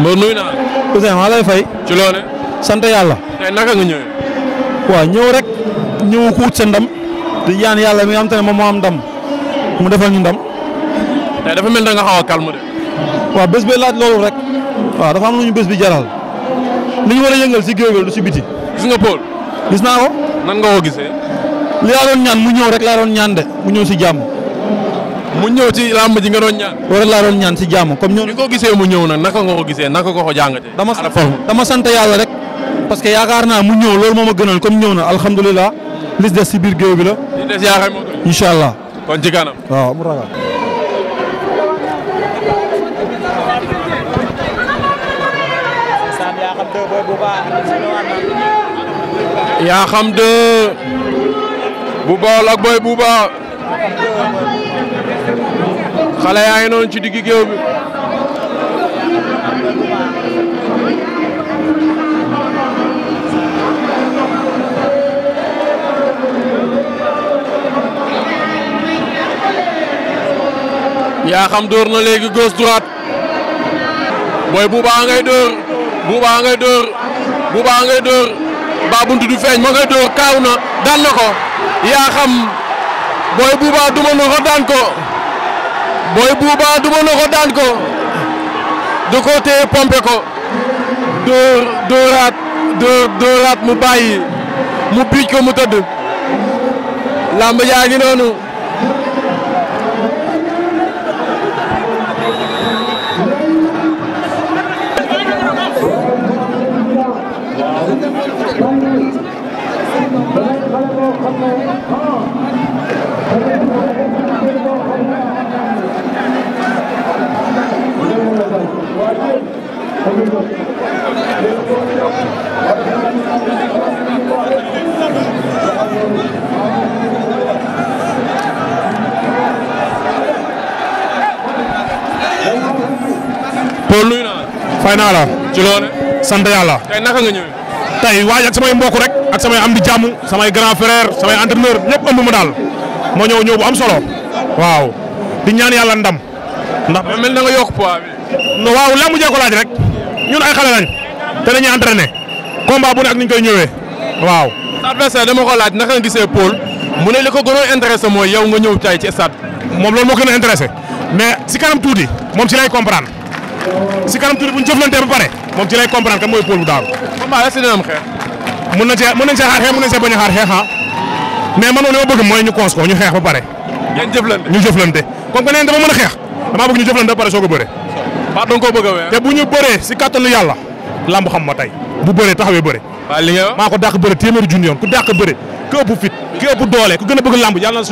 Mbër nuyu naa. Ousseyn maa lay fay. ci loone sant yàlla. tey naka nga ñëwee. waaw ñëw rek ñëw ku wut sa ndam. di ñaan yàlla mi nga moom moo am ndam mu defal ñu ndam. tey dafa mel na nga xaw a calme de. waaw laaj loolu rek. waaw dafa am lu ñu bés bi jaral. li ñu war a yëngal si géej du si biti. gis nga Paul. gis naa ko. nan nga ko gisee. li laa doon ñaan mu ñëw rek laa doon ñaan de mu ñëw si jàmm. mu ñëw ci làmb ji nga doon ñaan. war laa doon ñaan si jàmm comme ñooñu. ni ko gisee mu ñëw nag naka nga ko gisee naka nga ko jàngatee. dama sant dama yàlla rek. parce que yaakaar naa mu ñëw loolu moo ma gënal comme ñëw na alhamdulilah. li des si biir géew bi la. li allah. kon ci kanam. waaw yaa xam de bu baax ak booy xale yaa ngi noonu ci diggi géew bi yaa xam dóor na léegi gauche droite booy buuba ngay dóor buuba ngay dóor buuba buntu du feeñ ma ngay dóor kaaw na daan na yaa xam booy buuba duma na ko daan ko Boy Bouba duma na ko daan ko da koo pompe ko dóor dóoraat dóor dóoraat mu bàyyi mu biij ko mu tëdd làmb jaa ngi noonu fay naa la. ci loolu sant yàlla. tey naka nga waaj ak samay mbokk rek ak samay am di jàmm samay grand frère samay entraîneur ñëpp ëmb ma daal ma ñëw ñëw bu am solo. waaw di ñaan yàlla ndam. ndax mel na nga yokk poids bi. waaw laa mujjee ko laaj rek ñun ay xale lañ te dañuy entraîné combat bu ne ak ni ñu koy ñëwee waaw. adversaire dama ko laaj naka nga gisee Paul mu ne li ko gënoon intéressé mooy yow nga ñëw tay ci stade. moom loolu moo gën a intéressé mais si kanam tuuti moom si lay si kanam tuuti bu ñu jëflantee ba pare moom ci lay comprendre kan mooy Paul bu daanu. combat est-ce que xeex. mën na cee xeex mën nañ cee bañ a xaar xeex ah mais man li ma mooy ñu cons ko ñu xeex ba ñu jëflante comme que nee mën a xeex damaa bëgg ñu jëflante ba soo ko bëree. a te bu ñu bëree si kattanu yàlla lamb xam ma tey bu bëree taxawee bëri. waaw ko dàq bëri téeméeri junni yoon ku dàq bëri ku ëpp fit ku ëpp doole ku gën a bëgg lamb yàlla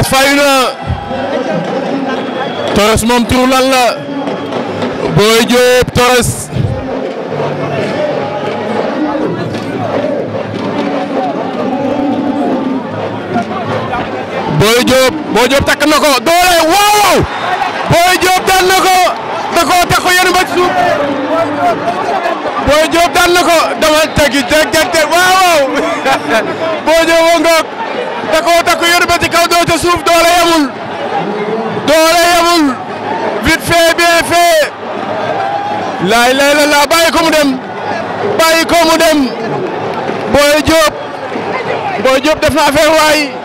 Torres fay na Torres moom turu lan la Boy Diop Torres Boy Diop Boy Diop takk na ko doole waaw waaw Boy Diop daan na ko da koo takk yéen ba ci suuf Boy Diop daan na ko dama tegi teg teg waaw waaw Boy Diop ngoog da koo takk yónni ba ci kaw doo ca suuf doole yemul doole yemul vite fait bien fait laay lay la laa bàyyi ko mu dem bàyyi ko mu dem Boy Diop Boy Diop def na affaire waay.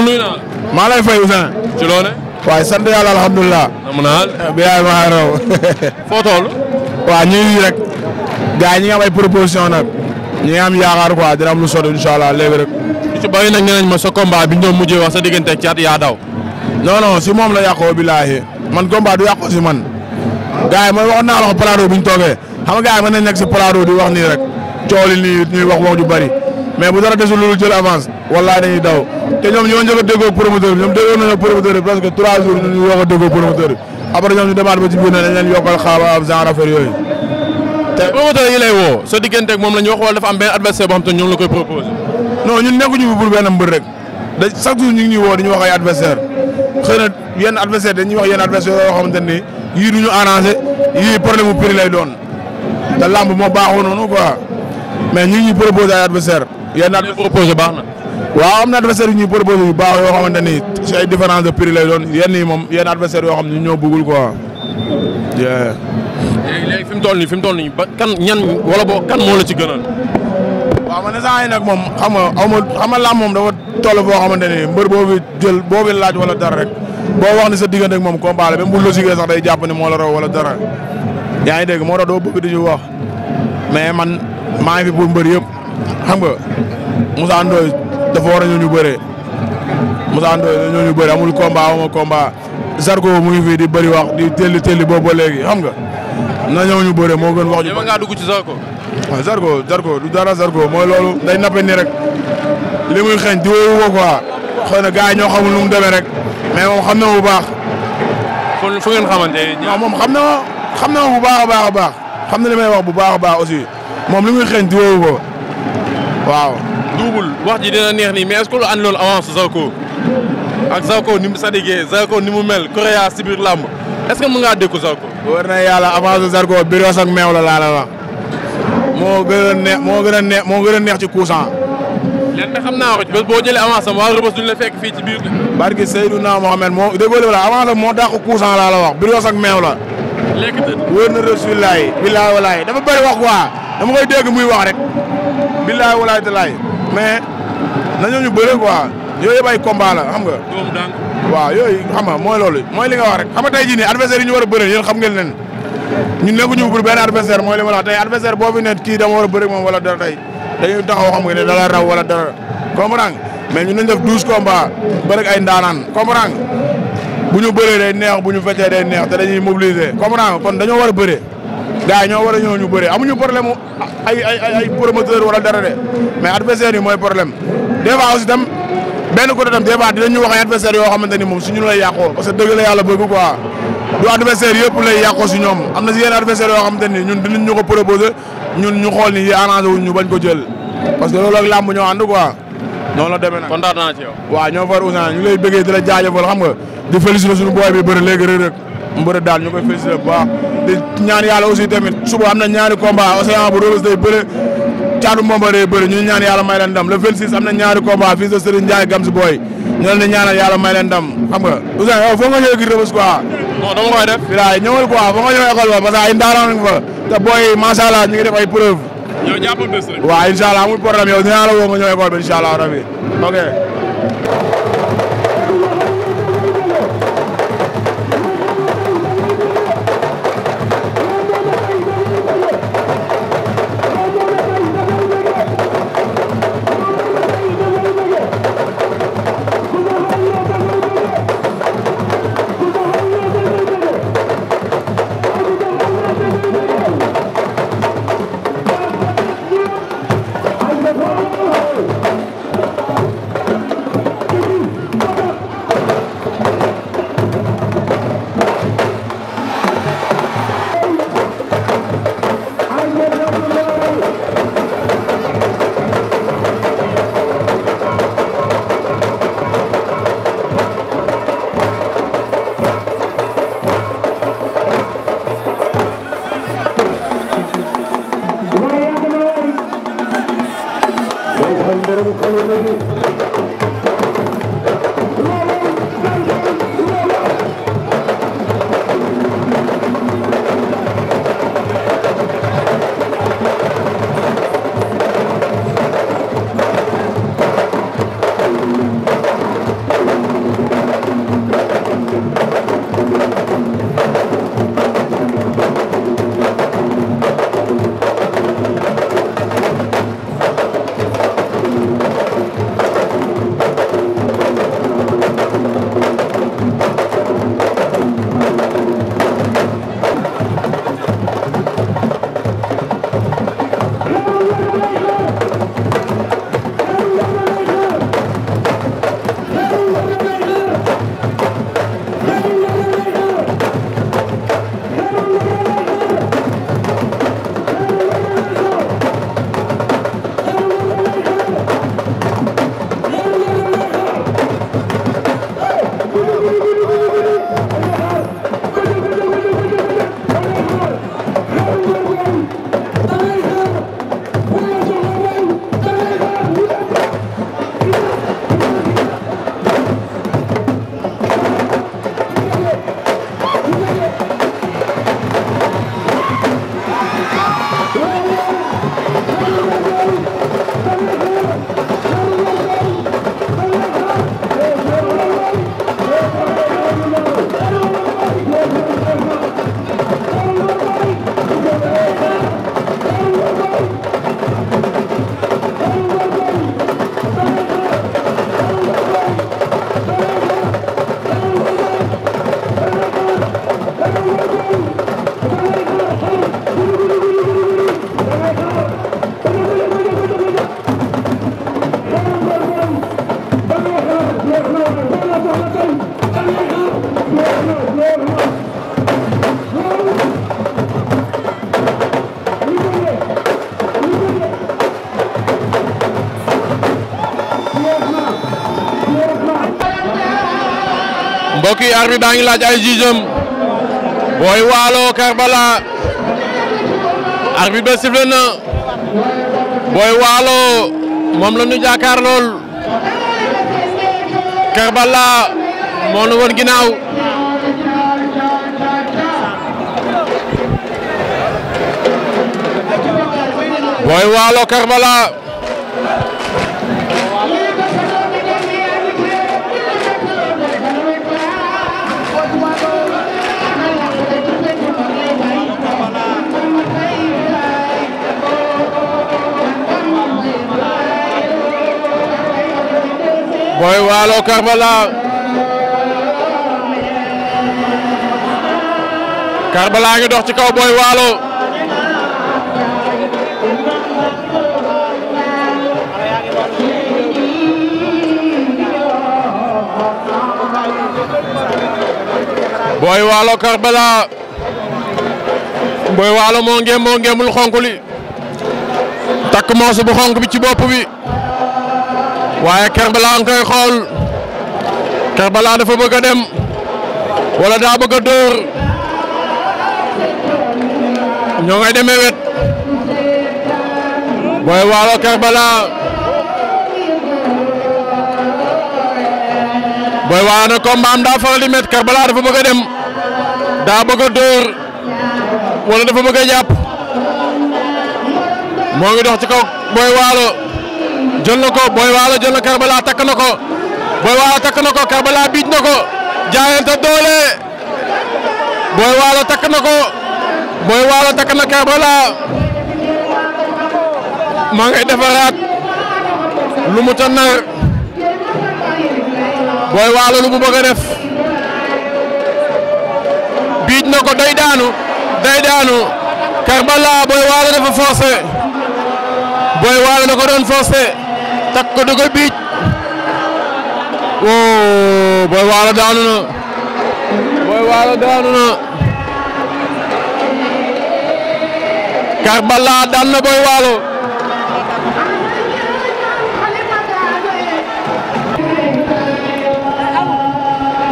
Modou nuyu naa la. maa lay fay Ousseyn. ci loone la eh, bi yaay maa raw. foo toll. waaw ñu ngi rek. gars yi ñi nga am ay proposition nag. ñi nga am yaakaar quoi ma sa combat bi ñoom mujjee wax sa diggante caat yaa daw. non si moom la yàqoo billaahi man combat du yàqoo si man. gars yi man wax naa la ko plateau bi ñu toogee xam nga gars yi mën di wax nii rek coow nii ñuy wax wax ju bari mais bu dara desul loolu jël avance. wallaay dañuy daw te ñoom ñoo njëkk a déggoo promoteur bi ñoom déggoo promoteur bi presque trois jours ñu wax a déggoo promoteur bi ñoom ñu demaat ba ci biir ne dañ yokkal xaaba ab genre affaire te promoteur yi lay woo sa digganteeg moom la ñu wax wala dafa am benn adversaire boo xam te ñoom la koy proposé. non mbër rek da chaque jour ñu ñuy woo di ñu wax ay adversaire xëy na yenn adversaire wax yenn adversaire yoo xamante ne yii du ñu arrangé yii problème mu doon te lamb moo baaxoo noonu quoi mais ñu ngi ñuy proposé ay adversaire yenn adversaire baax na waaw am na adversaire yu ñuy proposé yu baax yoo xamante ni ay différence de prix lay doon yenn yi moom yenn adversaire yoo xam ne ñoo bëggul quoi. léegi fi mu toll nii fi mu kan ñan wala boo kan moo la ci gënal. waaw man instant yii nag moom xam nga aw ma xam nga làmb moom dafa toll foo xamante ni mbër boo fi jël boo fi laaj wala dara rek boo wax ni sa diggante moom combat la même bu logique sax day jàpp ne moo la raw wala dara yaa ngi dégg moo tax doo bëgg di ñu wax man maa ngi fi mbër yëpp xam nga Moussa Ndoye dafa war a ñëw ñu bëree Moussa Ndoye dafa ñëw ñu bëree amul combat amuma combat Zarko mu ngi fii di bëri wax di telli telli boobu ba léegi xam nga na ñëw ñu bëree moo gën wax. ñu bëri ngaa dugg ci Zarko. waaw Zarko Zarko du dara Zarko mooy loolu day nappe nii rek li muy xeeñ di wóowu ko quoi xëy na gars yi ñoo xamul nu mu demee rek mais moom xam na bu baax. kon fu ngeen xamante ne. moom xam na xam bu baax baax a baax xam na li may wax bu baax a baax aussi moom li muy xeeñ di wóowu ko waaw. double wax ji dina neex nii mais est-ce que lu ànd loolu avance Zarko ak Zarko ni mu sadigee Zarko ni mu mel Korea si biir làmb est-ce que mën Zarko. war na yàlla avance Zarko biroos ak meew la laa la wax moo gën a neex moo gën a neex moo gën a neex ci cousan. lenn xam naa ko ci boo jëlee avance am waa Rebeuss duñ la fekk fii ci biir. barke Seydouna Mohamed moo déggoo la avance am moo dàq cousan laa la wax biroos ak meew la. lekk dëgg wóor na rëbs billaay billaay walaay dafa bëri wax waa dama koy dégg mais nañoo ñu bëre quoi yooyu yëpp ay combat la xam nga. doomu daan waaw yooyu xam nga mooy loolu mooy li nga wax rek xam nga tey jii nii adversaire yi ñu war a bëre yéen xam ngeen leen ñun nekkuñu pour benn adversaire mooy li ma la boo fi ne kii dama war a bëre moom wala dara tey dañuy taxaw xam nga ne dala raw wala dara comprendre nga mais ñun nañ def douze combats ay ndaanaan comprendre bu ñu bëree day neex bu ñu feccee day neex te dañuy mobiliser comprendre nga kon dañoo war a bëre gars ñoo war a ñëw ñu bëre amuñu problème ay ay ay promoteur wala dara de mais adversaire yi mooy problème des fois aussi tam benn côté tam des fois dinañu wax ay adversaire yoo xamante ni moom suñu lay yàqoo parce que dëgg la yàlla bëgg quoi du adversaire yëpp lay yàqoo si ñoom am na si yenn adversaire yoo xamante ni ñun dinañ ñu ko proposé ñun ñu xool ni yi arrangé wuñ ñu bañ ko jël parce que loolu ak làmb ñoo ànd quoi noonu la demee nag kontaan naa ci yow. waaw ñoo far Ousmane ñu lay bëggee di la jaajëfal xam nga di féliciter suñu booy bi bëri léegi rek rek mu bëri daal ñu koy féliciter bu baax di ñaan yàlla aussi tamit suba am na ñaari combat Océan bu Rebeus day bëre Thiatou Mbomba day bëre ñu ñaan yàlla may leen ndam le 26 am na ñaari combat fils de Serigne Ndiaye Gamsi Boy ñu leen di ñaanal yàlla may leen ndam xam nga Ousseynou yow foo nga ñëw gi Rebeus quoi non dama koy def bilaay ñëwal quoi foo nga ñëw école ba parce que ay ndaaraan nga fa te booy macha allah ñu ngi def ay preuve yow jàppal bés rek waaw incha allah amul problème yow dinaa la woo nga ñëw école ba incha allah rabi ok mbokk yi arbitre baa ngi laaj ay jugeem Boy Walo Karbala arbitre ba sifflé Boy Walo Karbala ginnaaw Boy Walo Karbala Boy Walo Karbala Karbala ngi dox ci kaw Boy Walo Boy Walo Karbala Boy Walo moo ngeen moo ngeen mul xonk li bi ci bopp bi waaye Kerbala nga koy xool Kerbala dafa bëgg a dem walla daa bëgg a dóor ñoo ngay demee wet booy waalo Kerbala booy waalo na combat am daa faral di met Kerbala dafa bëgg dem daa bëgg dóor wala dafa bëgg a jàpp moo ngi dox ci kaw booy waalo. jël na ko Waalo jël na Karbala takk na ko Boy Waalo takk na ko Karbala biij na ko doole Boy Waalo takk na ko Waalo takk na Karbala maa ngay defaraat lu mu tan Waalo lu mu def biij na day daanu day daanu Karbala Boy Waalo dafa forcé Boy Walo daanu na Boy Walo daanu na Karbala daan na Boy Walo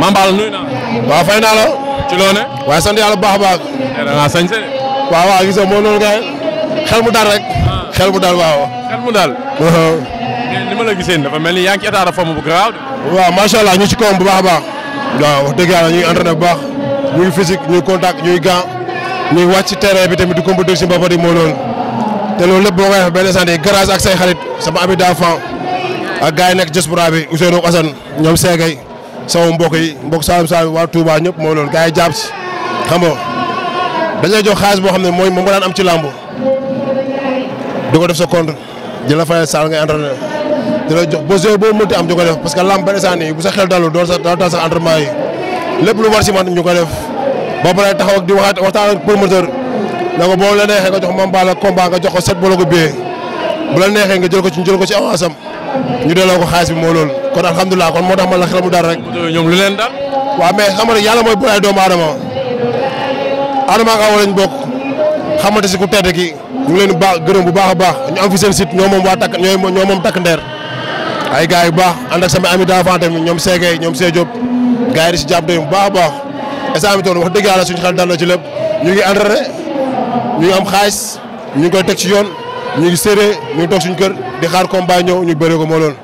Mambal nuyu fay naa ci loone waaye sant baax baax. nee naa sañ se waaw waaw kay xel mu dal xel mu daal waaw. xel ma la gisee dafa mel ni yaa ngi ci bu garaaw. waaw macha allah ñu ci kawam bu baax a baax. waaw wax dëgg yàlla ñu ngi bu baax ñu ngi physique ñu ngi contact ñu ngi gant ñu ngi wàcc terrain bi tamit di compétir si moo loolu te loolu lépp boo koy def benn sànni garage ak say xarit sama ami d'enfant ak gars yi nekk diaspora bi Ousseynou Assane ñoom Seegay sama mbokk yi mbokk Saalum Saalum waa Touba ñëpp moo lool gars yi jàpp si xam nga dañuy jox xaalis boo xam ne mooy moom nga daan am ci làmb di ko def sa compte di la fayal saal ngay entraîné di la jox boo boo am di def parce que lamb benn bu sa xel dalul doo sa doo tax sa entraînement lépp lu war si man ba pare taxaw di waxtaan ak promoteur na boo la neexee nga jox Mame Balla combat nga jox ko set bolo ko biyee bu la neexee nga jël ko ci jël ko ci avance am ñu delloo ko xaalis bi moo loolu kon alhamdulilah kon moo tax ma la xel mu dara rek. ñoom lu leen dal. waaw mais xam nga yàlla mooy bu ay xamante si ku tedd ki ñu ngi leen baax gërëm bu baax a baax ñu am fi seen site ñoo moom waa takk ñooy ñoo moom takk ndeer ay gars yu baax ànd ak sama ami d'enfance tamit ñoom Seegay ñoom Sey Diop gars yi di si jàpp doyum bu baax a baax instant bi toon wax dëgg yàlla suñu xel dal na ci lépp ñu ngi entraîné ñu am xaalis ñu ngi koy teg ci yoon ñu ngi séré ñu ngi toog suñu kër di xaar combat ñëw ñu bëree ko moo loon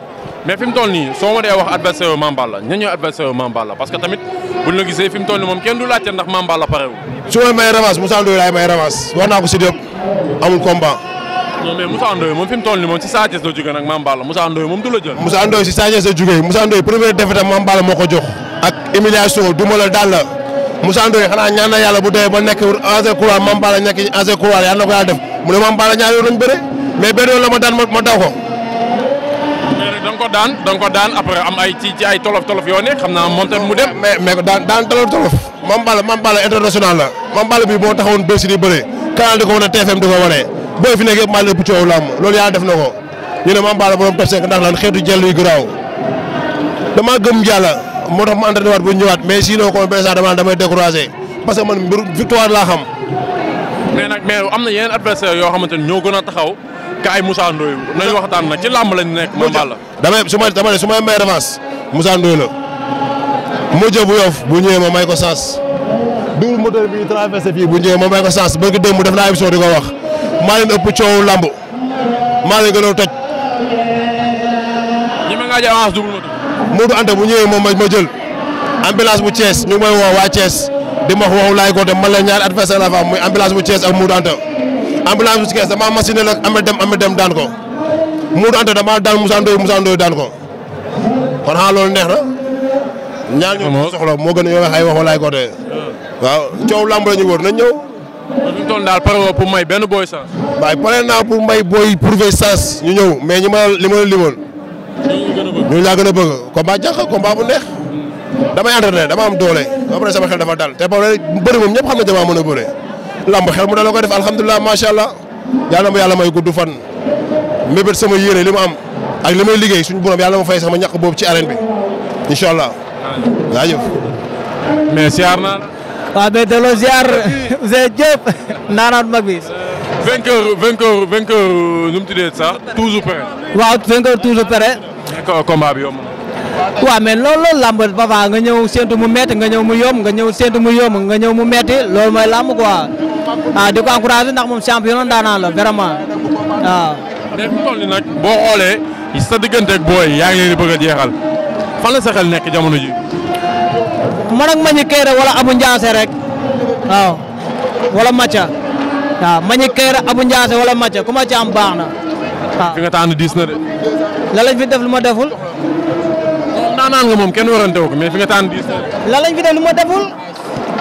mais fi mu toll nii soo ma dee wax adversaire yu Mame Balla ña ñëw adversaire parce que tamit buñ la gisee fi mu toll moom kenn du laajte ndax Mame Balla pareewul. su may may revanche Moussa Ndoye laay may revanche wax naa ko si yëpp amul combat. non mais moom Sa Thiès la jógee nag Mame Balla Moussa du la jël. Moussa Ndoye si Sa Thiès la jógee Moussa Ndoye premier défaite moo ko jox. ak humiliation duma la daal la Moussa Ndoye xanaa ñaan na yàlla bu doyee ba nekk ancien couloir Mame a nekk ancien couloir yàlla na ko yàlla def mu ne Mame Balla ñaari yoon lañ la ma daan ma daw ko nga ko daan da nga ko daan après am ay ci ci ay tolof tolof yoo nekk xam naa moom tamit mu dem. mais mais daan tolof tolof. Mame Balla Mame Balla international la. Mame Balla bii boo taxawoon bési di bëre. canal di ko wane TFM di ko wane booy fi nekk maa ngi coow làmb loolu yàlla def na ko ñu ne Mame Balla borom perse ndax lan xeetu jël yu garaaw damaa gëm yàlla moo tax ma entraîné bu ñëwaat mais sinon comme président dama damay découragé parce man mbiru victoire na yeneen adversaire yoo xamante ni ñoo gën a taxaw ka ay Moussa Ndoye nañu waxtaan nag ci làmb lañ nekk moom Balla damay su ma dama ne su may may revanche Moussa Ndoye la mujjë bu yof bu ñëwee ma may ko sens bu ñëwee ma may ko sens barki démb def naa émission di ko wax maa leen ëpp coow làmb maa leen gën a toj ñi ma ngaa ji avance double moteur Modou Anta bu ñëwee moom ma jël ambulance bu Thiès ñu ngi may woo waa Thiès di ma wax waxu laay ko dem man la ñaari adversaire la fa am muy ambulance bu Thiès ak Modou Anta ambulance bu si kees damaa machine am na dem am dem daan ko Modou Anta damaa daan Moussa Ndoye Moussa Ndoye daan ko kon xanaa loolu neex na. ñaar ñu soxla moo gën a yore ay wax walaay côté. waaw coow lamb ñu wër nañ ñëw. ñu toll daal may benn booy sens. waaye pare naa pour may booy prouver sens ñu ñëw mais ñi ma li ma limoon. ñu laa gën a bëgg ko jàq combat bu neex. damay entraîné dama am doole ba pare sama xel dafa dal te ba pare bëri moom ñëpp xam ne damaa mën a bëre. lamb xel mu dala ko def alhamdulilah macha allah yàlla ma yàlla may gudd fan mébét sama yéene li ma am ak li may liggéey suñu borom yàlla ma fay sama ñàkk boobu ci arène bi incha allah. jaajëf. mais ziar naa la. waaw mais delloo ziar Ousseyn Diop naanaat mag bi. vainqueur vainqueur waaw mais loolu loolu làmb Papa nga ñëw séntu mu metti nga ñëw mu yomb nga ñëw séntu mu yomb nga ñëw mu met loolu mooy làmb quoi ah di ko encouragé ndax moom champion daanaan la vraiment waaw. mais fi toll nii nag boo xoolee sa digganteeg booy yaa ngi leen di jeexal fan la sa nekk jamono ji. ma ak Mañi Kayre wala Abu Ndiasse rek waaw wala Macha waaw Mañi Kayre Abu Ndiasse wala Macha ku ma ci am baax na waaw. fi nga tànn diis de. la fi def lu ma deful. ndaanaan nga moom kenn warante wu ko mais fi nga taan diis. fi def lu ma deful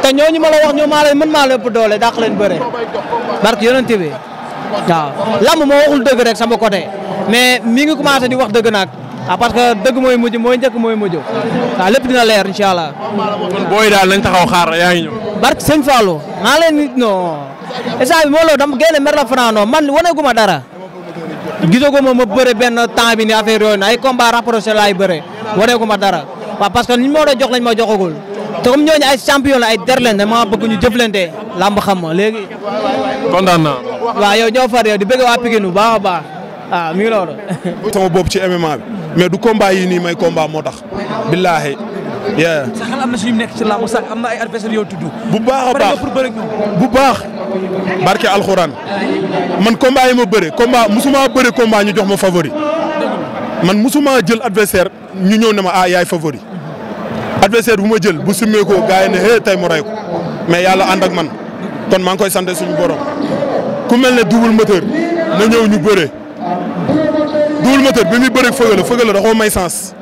te ñooñu ma la wax ñoo maa leen mën maa leen ëpp doole dàq leen bëre barke yonente bi waaw lamb moo waxul dëgg rek sama côté mais mi ngi commencé di wax dëgg nag ah parce que dëgg mooy mujj mooy njëkk mooy mujj waaw ah, lépp dina leer incha allah. kon booy daal nañ taxaw xaar yaa ngi ñëw. barke sëñ Fallou maa leen non instant bi moo loolu dama génne la fanaanoo man wane gu ma dara. gisagoo ma ma bëre benn temps bi ni affaire yooyu na ay combat rapproché laay bëre waneeku ma dara waaw parce que liñ ma jox lañ ma joxagul te comme ñooñu ay champion la ay derlen dama bëgg ñu jëflante làmb xam ma léegi. kontaan naa. yow ñoo far yow di bëgg waa Pikine a baax waaw bopp ci MMA bi mais du combat yi nii may combat moo tax. billaahi. sa xel am nekk ci làmb sax am na ay adversaires yoo bu baax a baax bu baax. barke alxuraan man combat yi ma bëre combat musuma bëre combat ñu jox ma favori man musuma jël adversaire ñu ñëw ne ma ah yaay favori. adversaire bu ma jël bu simmee ko gars yi ne tey mu ko mais yàlla ànd ak man kon maa ngi koy sante suñu borom ku mel ne double moteur na ñëw ñu bëre double moteur bi muy bëre fëgal fëgal da may sens.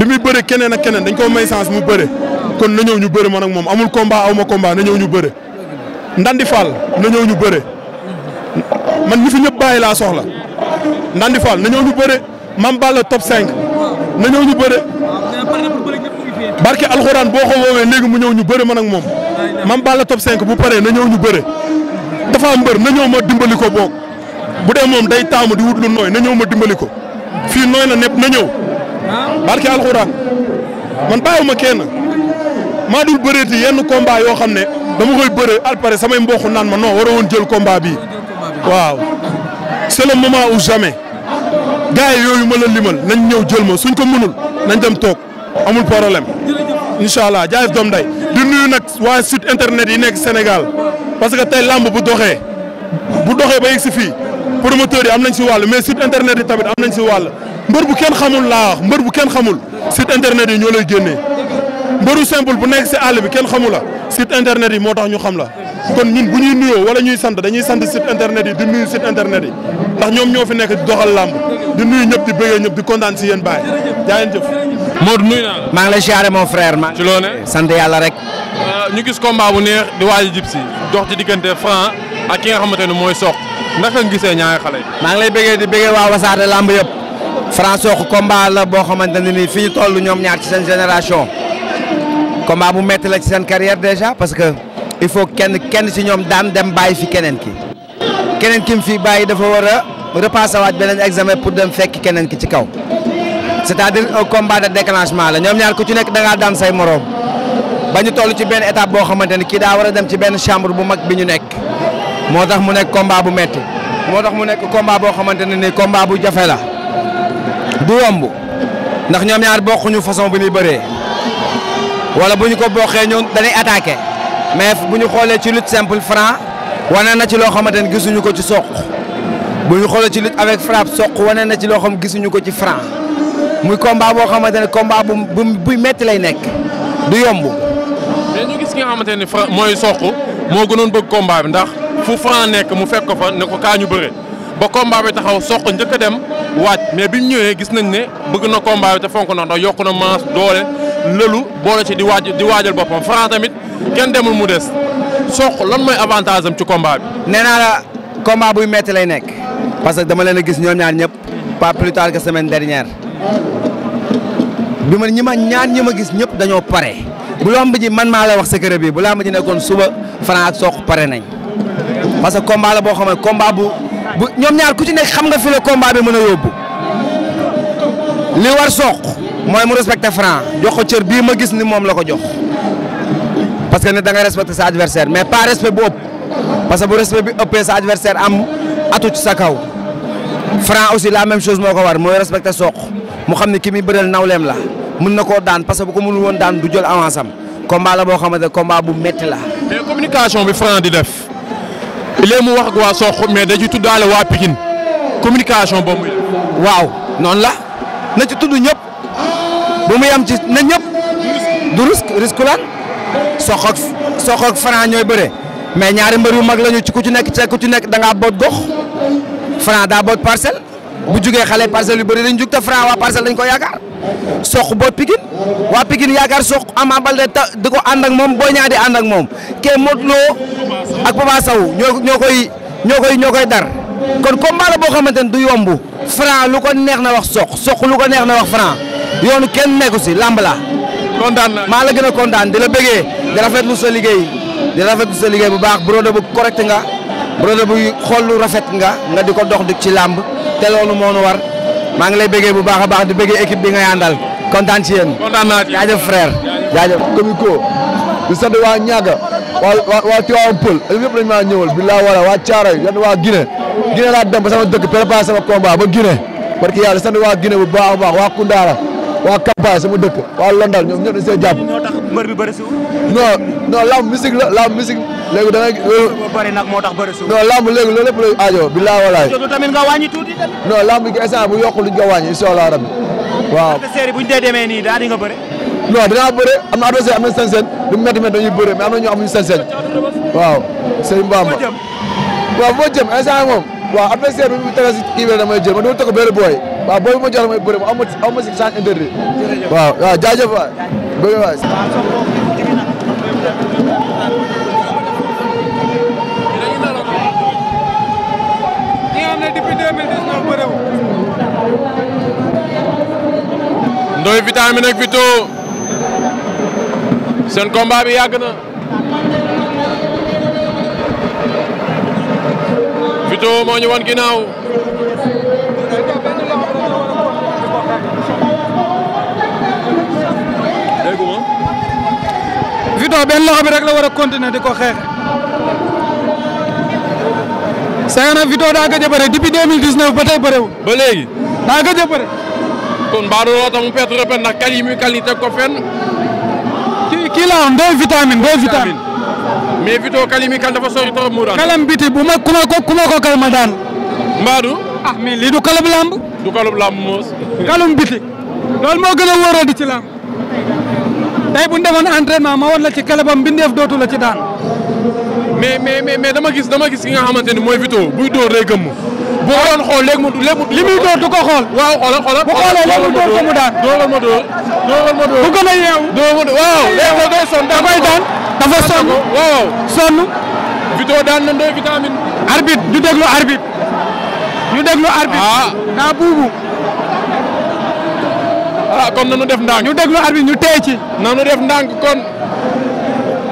bi muy bëre keneen ak keneen dañ ko may chance mu bëre kon na ñëw ñu bëre man ak moom amul combat aw ma combat na ñu bëre Ndandi Fall na ñu bëre man ñi fi ñëpp bàyyi laa soxla Ndandi Fall na ñëw ñu bëre Mame Balla top 5 na ñëw ñu bëre barke alxuraan boo ko woowee léegi mu ñëw ñu bëre man ak moom Mame Balla top 5 bu paree na ñëw ñu bëre dafa mbër na ñëw ma dimbali ko boog bu dee moom day taamu di wut lu nooy na ñëw ma dimbali ko fii nooy na nepp na ñëw. barke alxuraan man bàyyiwuma kenn maa dul bëreeti yenn combat yoo xam ne dama koy bëre al pare samay mboq naan ma non waroon jël combat bi waaw c'est le moment ou jamais gars yi yooyu ma la limal nañ ñëw jël ma suñ ko mënul nañ dem toog amul problème incha allah jaayef doom day di nuyu nag waa site internet yi nekk Sénégal parce que tey lamb bu doxee bu doxee ba yegg si fii promoteurs yi am nañ si wàll mais site internet yi tamit am nañ si wàll mbër bu kenn xamul laa mbër bu kenn xamul sit internet yi ñoo lay génnee mbëru simple bu nekk si àll bi kenn xamula la site internet yi moo tax ñu xam la kon ñun bu ñuy nuyoo wala ñuy sant dañuy sant site internet yi di nuyu site internet yi ndax ñoom ñoo fi nekk di doxal làmb di nuyu ñëpp di bëggee ñëpp di kontaan si yéen baay jaayeen jëf. Modou nuyu naa la. maa ngi lay siyaare mon frère ma. ci loo ne sant yàlla rek. Euh, ñu gis combat bu neex di waaj a si dox ci diggante Franc ak ki nga xamante ne mooy Sokh ndax nga gisee ñaari xale yi. maa ngi lay bëggee di bëggee waa wasaare làmb yëpp Franssokh combat la boo xamante ne nii fi ñu toll ñoom ñaar ci seen génération combat bu metti la ci seen carrière déjà parce que il faut kenn kenn ci ñoom daan dem bàyyi fi keneen ki keneen ki mu fi bàyyi dafa war a repasser waat beneen examen pour dem fekk keneen ki ci kaw c'est-à-dire un combat de déclenchement la ñoom ñaar ku ci nekk da ngaa daan say moroom ba ñu toll ci benn étape boo xamante ni kii daa war a dem ci benn chambre bu mag bi ñu nekk moo tax mu nekk combat bu metti moo tax mu nekk combat boo xamante ne ni combat bu jafe la. du yomb ndax ñoom ñaar bokkuñu façon bu ñuy bëree wala bu ñu ko bokkee ñoom dañuy attaqué mais bu ñu xoolee ci lutte simple franc wane na ci loo xamante ne gisuñu ko ci soq bu ñu xoolee ci lutte avec frappe soq wane na ci loo gisuñu ko ci franc muy combat boo xamante ne combat bu buy metti lay nekk du yomb. mais ñu gis nga xamante ne franc mooy soq moo gënoon bëgg combat bi ndax fu franc nekk mu fekk ko fa ne ko kaa ñu bëre ba combat bi taxaw soq njëkk dem. waaj mais bi mu ñëwee gis nañ ne bëgg na combat bi te fonk na ndax yokk na masse doole lëlu boole ci di waaj di waajal boppam Franc tamit kenn demul mu des Sokh lan mooy avantage am ci combat bi. nee naa la combat buy metti lay nekk. parce que dama leen a gis ñoom ñaan ñëpp pas plus tard que semaine dernière bi ma ñi ma ñaar ma gis ñëpp dañoo pare bu lamb ji man maa la wax secret bi bu lamb ji nekkoon suba fanaa ak Sokh pare nañ parce que combat la boo xam ne bu. bu ñoom ñaar ku ci nekk xam nga fi la bi mën a yóbbu li war Sokh mooy mu respecté Franc jox ko cër bii ma gis ni moom la ko jox parce que ne da nga respecté sa adversaire mais pas respect bu ëpp parce que bu respect bi ëppee sa adversaire am atu ci sa kaw Franc aussi la même chose moo ko war mooy respecté Sokh mu xam ne ki muy bëreel nawleem la mun na koo daan parce que bu ko mënul woon daan du jël avance am la boo xamante ne combat bu métti la. mais léegi mu wax ak waa Sokh mais dañuy tuddaale waa Pikine communication boobu muy waaw noonu la na ci tudd ñëpp bu muy am ci na ñëpp du risque risque lan Sokh ak ñooy bëre mais ñaari mbër yu mag lañu ci ku ci nekk ci ku ci nekk da boot gox Franc daa boot parcelle bu jugee xale parcelle yu bari dañ jug te Franc waa parcelle dañ ko yaakaar soq boo Pikine waa Pikine yaakaar soq am Baldé ta di ko ànd ak moom boo Niang di ak moom kenn Modou Lo ak Papa Sow ñoo ñoo koy ñoo koy ñoo koy dar kon combat la boo xamante ne du yomb Franc lu ko neex na wax soq soq lu ko neex na wax Franc yoon kenn nekku si lamb la kontaan maa la gën a kontaan di la bëggee di rafetlu sa liggéey di rafetlu sa liggéey bu baax brodo bu correct nga brodo bu xool lu rafet nga nga di ko dox dik ci làmb te loolu moo war maa ngi lay bëggee bu baax a baax di bëggee équipe bi ngay àndal kontaan ci yéen. kontaan naa ci jaajëf frère jaajëf. comico di sant waa Ñaaga waa waa waa Tivaouane Pël yëpp dañu maa ñëwal bi laa wala waa Thiaroye yan waa Guinée Guinée laa dem ba sama dëkk préparé sama baa ba Guinée parce que yàlla waa Guinée bu baax a baax waa Koundaara waa Kampaay sama dëkk waa Londal ñoom ñëpp dañu see jàpp. moo tax mbër bi bëri si non non la musique la la léegi da ngay. ba pare nag moo tax bëri suuf. non lamb léegi loolu lépp lay aajo bilaa walaay. jotul tamit nga wàññi tuuti tamit. non lamb gi instant bu yokku luñ ko wàññi incha allah rabbi waaw. adversaire yi bu ñu dee demee nii daal di nga bëre. non dinaa bëre am na adversaire am na seen seen lu mu métti métti dañuy bëre mais am na ñoo amuñu seen seen waaw. sëñ Bamba waaw foo jëm instant moom. waaw adversaire bi mu tege si kii bi damay jël ma dama tëgg benn booy waaw booy bi ma jox la may bëre ma am ma am ma si chance interdit waaw waaw jaajëf waay bëgg waay 2019 bërew Ndoye Vitamine ak Vito seen combat bi yàgg na Vito moo ñu wan ginnaaw benn loxo bi rek la war di ko xeex sëñ na Vito daa gëj a bëre depuis 2019 ba tey bërewul. ba léegi. daa gëj a bëre. kon Badou loo tax mu perte repère ndax kal yi muy teg ko fenn. kii kii laa am deux vitamines deux vitamines. Vito kal yi muy dafa sori trop mu daan. kalam bu ma ku ko ku ma ko kal ma ah mais lii du kalub lamb. du kalub lamb moos. moo gën a wóoroo di ci lamb. tey bu ñu defoon entraînement ma war la ci kalabam bindeef dootu la ci daan. mais mais mais dama gis dama gis ki nga xamante ni mooy Vito buy dóor day gëmm. boo ko doon xool léegi mu léegi li muy dóor du ko xool. waaw xoolal xoolal bu xoolee léegi mu dóor ko mu daan. dóoral ma dóor dóoral ma dóor. bu gën a yeewu. dóor ma dóor waaw. léegi da koy sonn da koy daan dafa sonn waaw sonn. Vito daan na ndoy vitamine. arbitre ñu déglu arbitre. ñu déglu arbitre. ah naa buubu. ah kon nanu def ndànk. ñu déglu arbitre ñu téye ci. nanu def ndànk kon.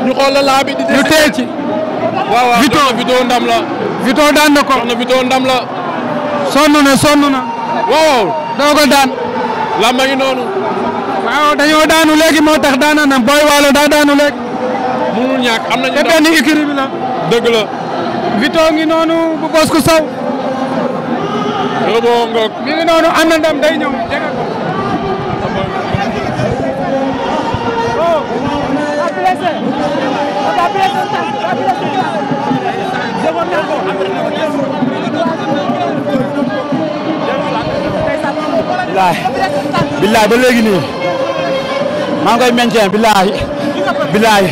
ñu xool la laa bi di. ñu téye ci. waaw waaw Vito Vito ndam la. Vito daan na ko na Vito ndam la. sonn na sonn da waaw. doo ko daan. lamba ngi noonu. waaw dañoo daanu léegi moo tax daan na Boy Waalo daa daanu léegi. mënul ñàkk am nañu. te benn écurie bi la. dëgg la. Vito ngi noonu bu bos ku saw. am na ndam day ñëw jege ko. Oh. bilaay bilaay ba léegi nii maa ngi koy meññee bilaay bilaay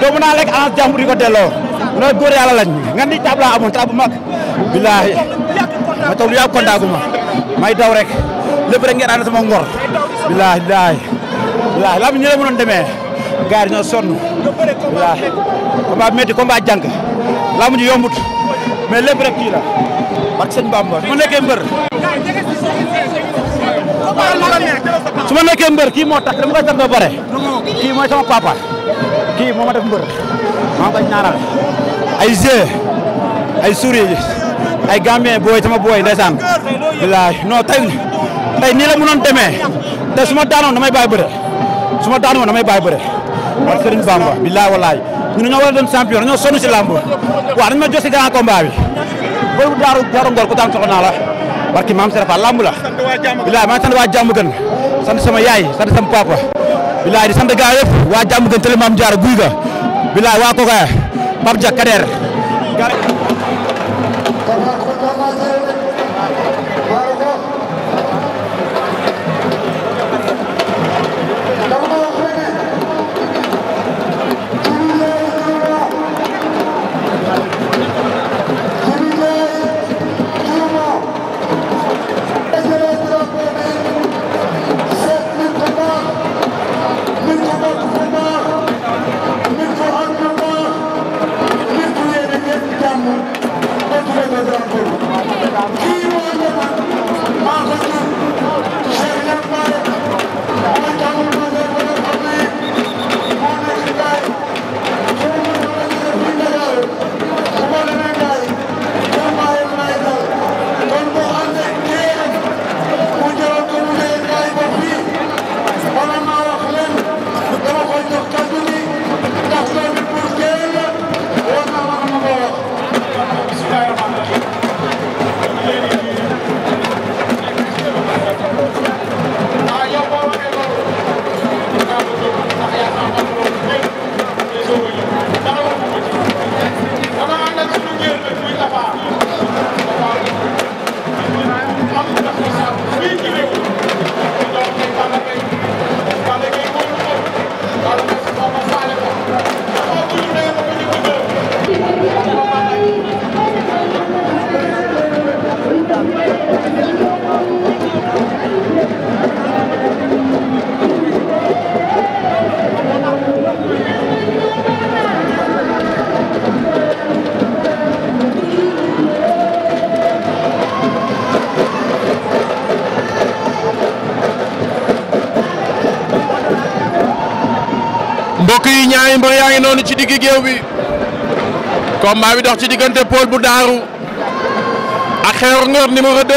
doomu naa lekk avance jàmbur di ko delloo loolu góor yàlla lañ nga ni tab laa amoon bu mag bilaay ma toog lu yàgg kontaan ma may daw rek lépp rek ngeen ànd sama ngor bilaay bilaay bilaay laa bi ñu ñoo sonn waaw komba bi métti combat jàng laa mu ñu mais lépp rek kii la parce que sëñ Bamba su ma nekkee mbër su ma nekkee mbër kii moo tax dama koy sant ba kii mooy sama papa kii moo ma def mbër maa ngi koy ñaanal ay G ay souris ay Gambien booy sama booy ndeysaan bilaay non tey tey nii la mu mënoon demee te suma ma daanoon may bàyyi bëre su ma daanoon damay bàyyi bëre waaw Serigne Bamba billaay walaay ñun nga war a doon champion dañoo sonn si làmb waaw dañ ma jox si grand combat bi boobu daaru daaru ngor ku daan naa la barki maam Serapha làmb la billaay maa ngi sant waa jàmm gën sant sama yaay sant sama papa billaay di sant gaa yëpp waa jàmm gën tële maam Diarra guy ga billaay waa Kokaaya Pape Dia Kader ñaari mbër yaa ngi noonu ci diggi géew bi combat bi dox ci diggante Paul bu Daaru ak Xeeru Ngor numéro 2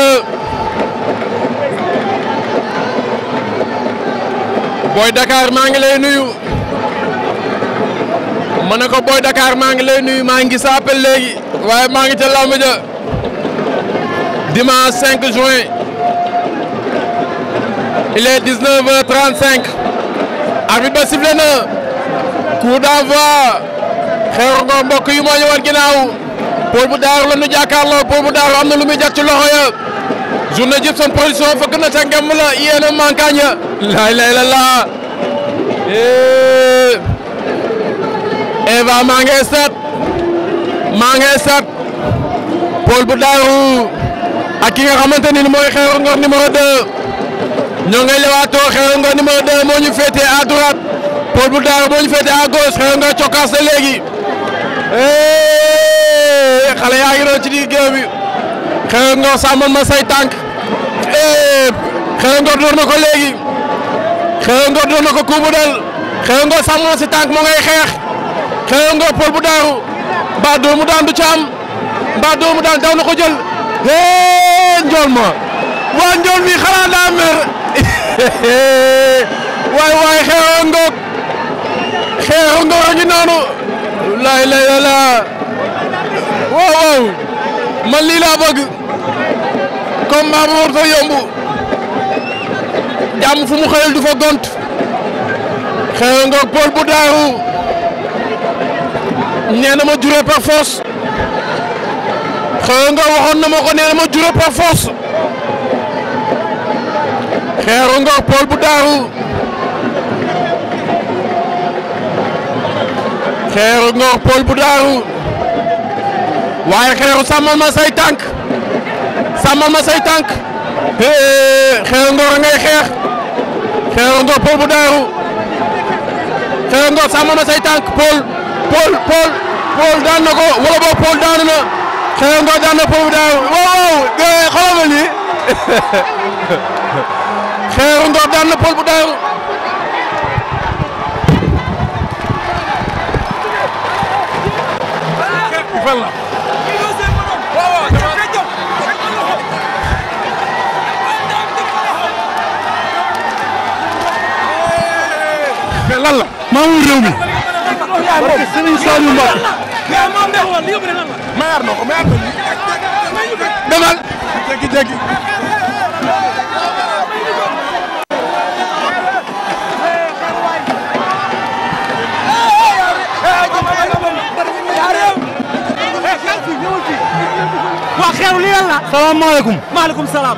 Boy Dakar maa ngi lay nuyu ma ne ko Boy Dakar maa ngi lay nuyu maa ngi sa appel léegi waaye maa ngi ca làmb ja dimanche 5 juin il est 19h35 ba sifflé na coup d'envoi Xeru Ngor mbokk yi moo ñëwoon ginnaaw Paul bu Daaru la nu jàkkaarloo Paul bu Daaru am na lu muy jot ci loxo ya journée Djibson production fëgg na ca ngem la yéen a mankañ laay lay la laa eh. Eva maa ngi sat maa sat bu Daaru ak ki nga xamante ni mooy Xeru Ngor numéro 2 ñoo ngay lewaatoo Xeru Ngor numéro 2 moo ñu féetee Paul bu Daara moo ñu féete à gauche xëy nga cokkaas léegi xale yaa ngi doon ci digg géew bi xëy nga sàmmal ma say tànk xëy nga door na ko léegi xëy nga door na ko kuubu dal xëy nga sàmmal si tànk moo ngay xeex xëy nga Paul bu Daaru mbaa doomu daan du ci am mbaa doomu daan daw na ko njool ma waa njool mi xanaa daa mer waay waay xëy nga. xeexu nga ngi noonu laay lay waaw waaw man lii laa bëgg combat bu warta yomb jàmm fu mu xëyal du fa gont xeexu Paul bu daaru nee ma juree par force xeexu na ma ko nee ma juree par force Paul bu daaru xeeru Ngor bu daaru waaye xeeru sàmmal ma say tànk sàmmal ma say tànk xeeru Ngor ngay xeex xeeru Ngor bu daaru xeeru Ngor ma say tànk Paul Paul Paul Paul daan na wala boobu Paul daanu na xeeru Ngor na Paul bu daaru waaw waaw xoolal ma lii xeeru na Paul bu daaru. appel la. mais lan la. maa ngi réew mi. parce que Serigne Saliou Mbacké. mais maa ngi ko mais teew li lan la. salaamaaleykum. maaleykum salaam.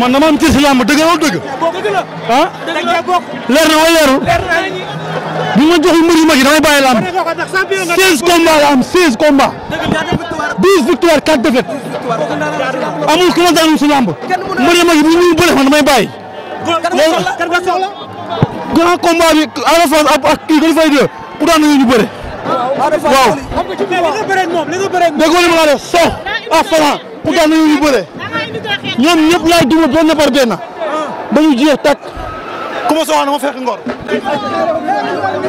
man dama am ci si làmb dëgg la wala bu ma joxul mbir yu mag yi damay bàyyi làmb. 16 combats la am 16 combats. 12 victoires 4 défaites. amul ma daanul si làmb. mbir yu mag yi bu ñu bëre ak kii Coly Faye 2 ku daan ñu bëre. waaw. dégg nga li ma la te daan nañu ñu bëre ñoom ñëpp laay duma benn par benn ba ñu jeex tàkk ku ma soxla ma ngor